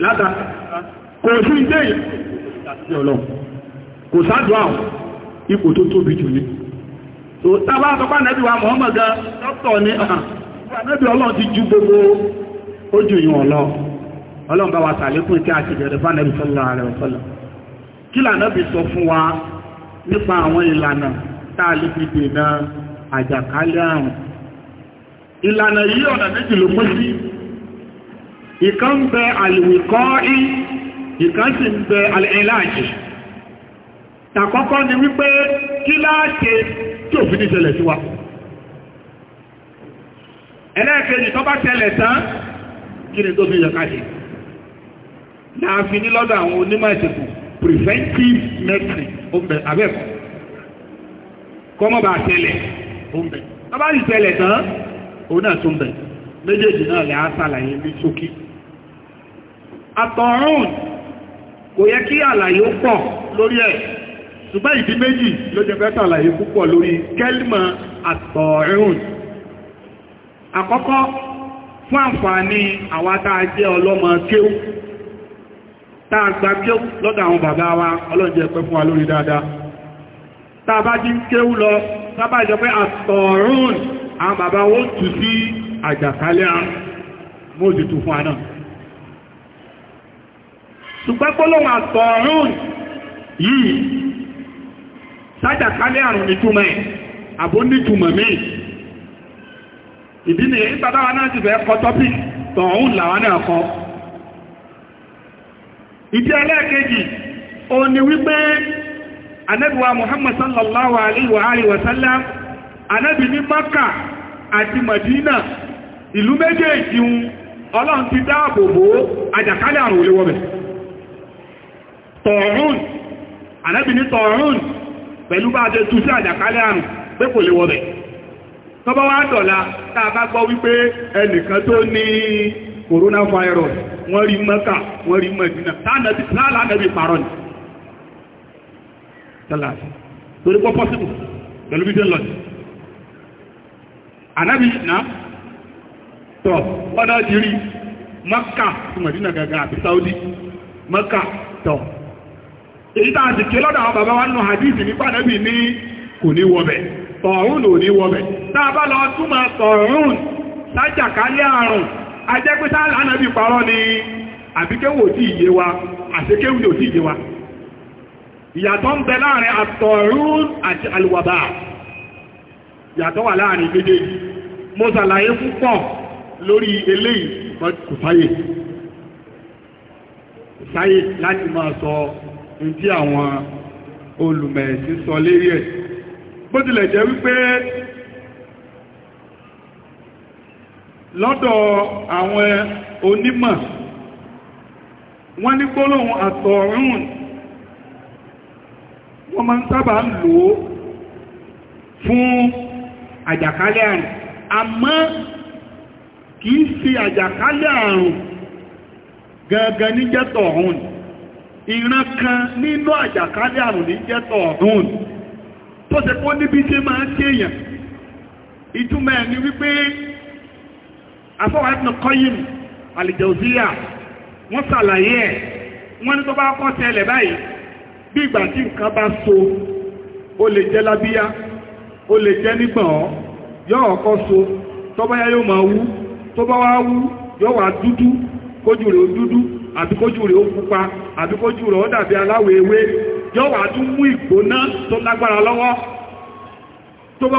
látà kò sí ilé ìyọ̀lọ́ kò sáàdù àwọn ipò tó tóbi jù ní so tàbá àtọ́pá nẹ́bí wa Muhammad gan dọ́kítọ̀ ní ah, ànẹ́bí ọlọ́run ti ju gbogbo ojú ìyàn ọlọ́ ọlọ́run bá wa sàlékún kí a ti bẹ̀rẹ̀ fánẹ́bí sọ́lọ́ ààrẹ a lè ìlànà yìí ọ̀nà méjì ló pín sí ìkan ń bẹ àlùwìkọ́í ìkan sì ń bẹ àlẹ́láàjì tàkọ́kọ́ ni wípé kí láàṣe tí ò fi ní ṣẹlẹ̀ sí wa ẹlẹ́ẹ̀kejì tó bá ṣẹlẹ̀ tán kí ni tó fi yọ̀ká ṣe láàfin ní lọ́dọ̀ àwọn onímọ̀ ìṣègùn preventive medicine ó ń bẹ abẹ́ẹ̀kọ́ kọ́mọ́ bá ṣẹlẹ̀ ó ń bẹ tó bá ṣẹlẹ̀ tán òun náà tó ń bẹ méjèèjì náà lè á ṣàlàyé ní ṣókí àtọ̀rún kò yẹ kí àlàyé pọ̀ lórí ẹ̀ ṣùgbọ́n ìdí méjì ló jẹ́ bẹ́ta àlàyé púpọ̀ lórí kẹ́lìmọ̀ àtọ̀rún àkọ́kọ́ fún àǹfààní àwa tá a jẹ́ ọlọ́mọ kéwú tá a gba kéwú lọ́dọ̀ àwọn bàbá wa ọlọ́njẹ́ pẹ́ fún wa lórí dáadáa tá bá jí kéwú lọ ṣùgbọ́n gbólóhùn àtọ̀ọ̀rùn yìí sájàkálẹ̀ àrùn nìtúmọ̀ àbó nìtúmọ̀ míì ìdí nìyẹn na náà ti fẹ́ kọ tọ́pìk tọ̀ọ̀hún làwọn náà kọ ìdí ẹlẹ́ẹ̀kejì o ni wípé anẹ́bíwa Muhammad sallallahu alaihi wa alihi wa sallam anẹ́bí ní Maka àti Madina ìlú méjèèjì ọlọ́run ti àjàkálẹ̀ àrùn tọ̀ọ̀rún anabini ní pẹ̀lú bá jẹ́ tú sí àjàkálẹ̀ àrùn pé kò lè wọ̀bẹ̀ tọ́bọ́ wá dọ̀la tá bá gbọ́ wípé ẹnìkan tó ní coronavirus wọ́n rí Mẹ́kà wọ́n rí Mẹ́dínà tánàbí ti Saudi maka tọ̀ èyí tàà sì ké àwọn bàbá wa nù hadithi nípa nẹ́bì ní kò ní wọbẹ̀ tọ̀rún ò ní wọbẹ̀ tàà bá lọ túnmọ̀ tọ̀rún lájàkálẹ̀ àrùn ajẹ́pẹ́sá lánàbì parọ́ àbíkéwò wa àṣekéwò tí ìyé wa lórí eléyìí kò sáyè láti máa sọ ní tí àwọn olùmẹ̀ẹ̀sí sọ lérí ẹ̀ bó tilẹ̀ jẹ́ wípé lọ́dọ̀ àwọn onímọ̀ wọ́n ní gbólóhùn àtọ̀rún wọ́n máa ń sábà ń lò ó fún àjàkálẹ̀ àrùn àmọ́ kìí sí àjàkálẹ̀ àrùn gangan ní jẹ́tọ̀ ọ̀hún ni ìran kan nínú àjàkálẹ̀ àrùn ní jẹ́tọ̀ ọ̀dún tó ṣe kó níbi tí máa ń kéèyàn ìtumọ̀ ẹ̀ ni wípé afọ́wà Ibn Qayyim al-Jawziyya wọ́n ṣàlàyé ẹ̀ wọ́n ní tó bá kọ́ tẹ́lẹ̀ báyìí bí ìgbà tí nǹkan bá so ó lè jẹ́ lábíyá ó lè jẹ́ nígbọ̀n yóò ọkọ́ so tó bá yá yóò máa wú tó bá wá wú yóò wá dúdú kójú rẹ̀ ó dúdú àbíkójú rẹ̀ ó pupa àbíkójú rẹ̀ ó dàbí aláwọ̀ ewé yọ́ wà tún mú ìgbóná tó lágbára lọ́wọ́ tó bá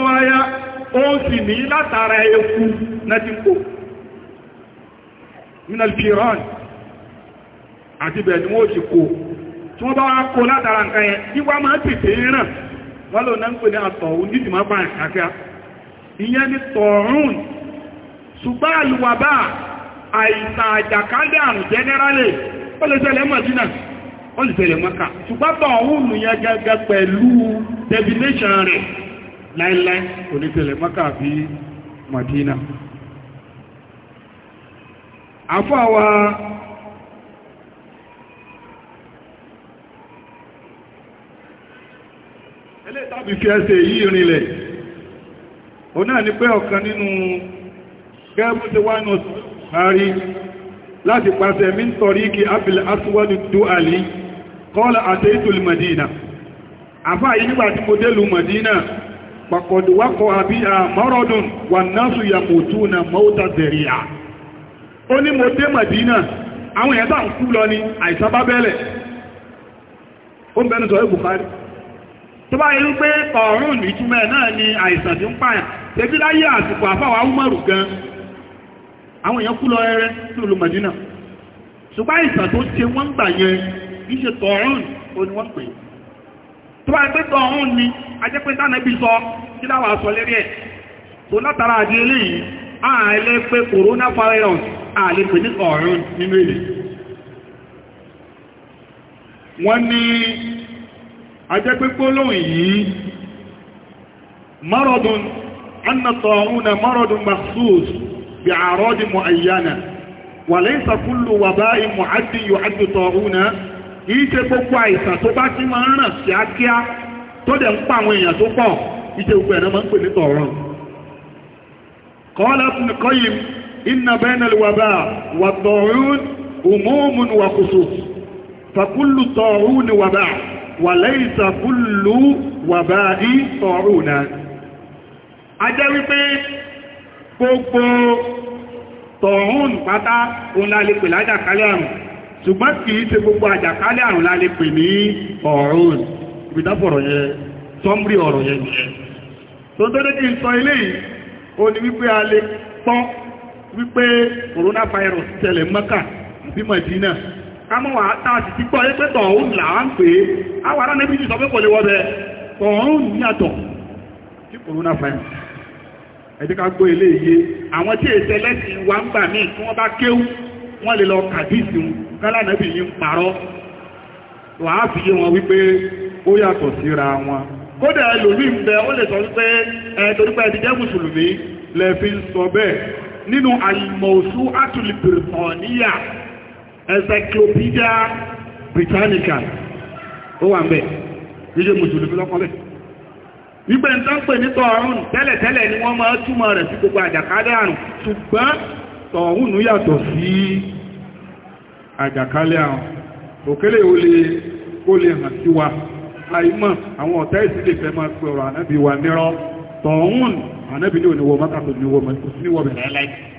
eku láti kó minal piran àti bẹ̀ẹ̀ wọ́n ti tí wọ́n bá wá kó látara nǹkan yẹn tí wá máa tètè ràn wọ́n lò náà ń pè àìsàn àjàkálẹ̀ àrùn jẹ́nẹ́rálì ó lè ṣẹlẹ̀ mọ̀dínà ó lè ṣẹlẹ̀ mọ́ká gẹ́gẹ́ pẹ̀lú definition rẹ̀ láíláí ó lè ṣẹlẹ̀ mọ́ká bí mọ̀dínà àfọwà elétàbí fi ẹsẹ̀ yìí rinlẹ̀ ni Bukhari láti pàṣẹ min tọ̀ríkì Abil Aswad Du'ali kọ́lá àtẹ́ìtòl Madina. Àfá yìí nígbà tí mo délù Madina, pàkọ̀dù wákọ̀ àbí à mọ́rọ̀dùn wà náṣù yàmòtú na mọ́ta dẹ̀ríà. Ó ní mo dé Madina, àwọn èèyàn tàn kú lọ ni àìsàn bá bẹ́lẹ̀. Ó ń bẹnu sọ̀rọ̀ Bukhari. Tó bá yẹ pé ọ̀rùn ni àìsàn tí ń pààyàn. Tẹ́bí láyé Umaru gan àwọn èèyàn kú lọ ẹrẹ sí Madina ṣùgbọ́n ìsàn tó wọ́n gbà yẹn ṣe ni ajẹ́pẹ́ tánà bí sọ kí láwà sọ lérí ẹ̀ tó látara àdí eléyìí ààlẹ́ pé ààlẹ́ pè ní nínú èdè wọ́n ajẹ́pẹ́ gbólóhùn yìí mọ́rọ̀dùn na بأعراض معينة وليس كل وباء معد يعد طاعونا kìí ṣe gbogbo àìsàn tó bá ti máa ń ràn kíákíá tó dẹ̀ ń pa قال ابن القيم إن بين الوباء والطاعون أموم وخصوص فكل طاعون وباء وليس كل وباء طاعون a gbogbo tọ̀hún pátá òun la lájàkálẹ̀ àrùn ṣùgbọ́n kì í ṣe gbogbo àjàkálẹ̀ àrùn la ní ọ̀run ìbìdápọ̀rọ̀ yẹn sọ́mbrì ọ̀rọ̀ yẹn nìyẹn tó tẹ́lẹ̀ kí n sọ ilé yìí ní wípé a lè pọ́ wípé coronavirus tẹ̀lẹ̀ mọ́kà ẹ jẹ́ ká gbọ́ ilé iye àwọn tí èsẹ lẹ́sìn wa ń gbà míì tí wọ́n bá kéwú wọ́n lè lọ kàdíìsì wọn kálánàbì yìí ń parọ́ wàá fi yé wọn wípé ó yàtọ̀ síra wọn kódà ẹlòmíì ń bẹ ó lè sọ wípé ẹ torí pé ẹ ti jẹ́ mùsùlùmí lẹ fi ń sọ bẹ́ẹ̀ nínú àyìnmọ̀ọ́sù àtúlìbìrìtàníyà encyclopedia britannica ó wà ń bẹ jíjẹ́ mùsùlùmí lọ́kọ́ bẹ́ẹ̀ wípé ń tán pè ní tọ̀ọ̀rùn tẹ́lẹ̀tẹ́lẹ̀ ni wọ́n máa túmọ̀ rẹ̀ sí gbogbo àjàkálẹ̀ àrùn ṣùgbọ́n tọ̀ọ̀rùn yàtọ̀ sí àjàkálẹ̀ àrùn òkèlè ó lè ó lè hàn sí wa àìmọ̀ àwọn ọ̀tá ìsílẹ̀ fẹ́ máa pe ọ̀rọ̀ ànábì wa nírọ́ tọ̀ọ̀rùn ànábì ní òníwọ̀ mọ́tàkùn ní wọ́n mọ́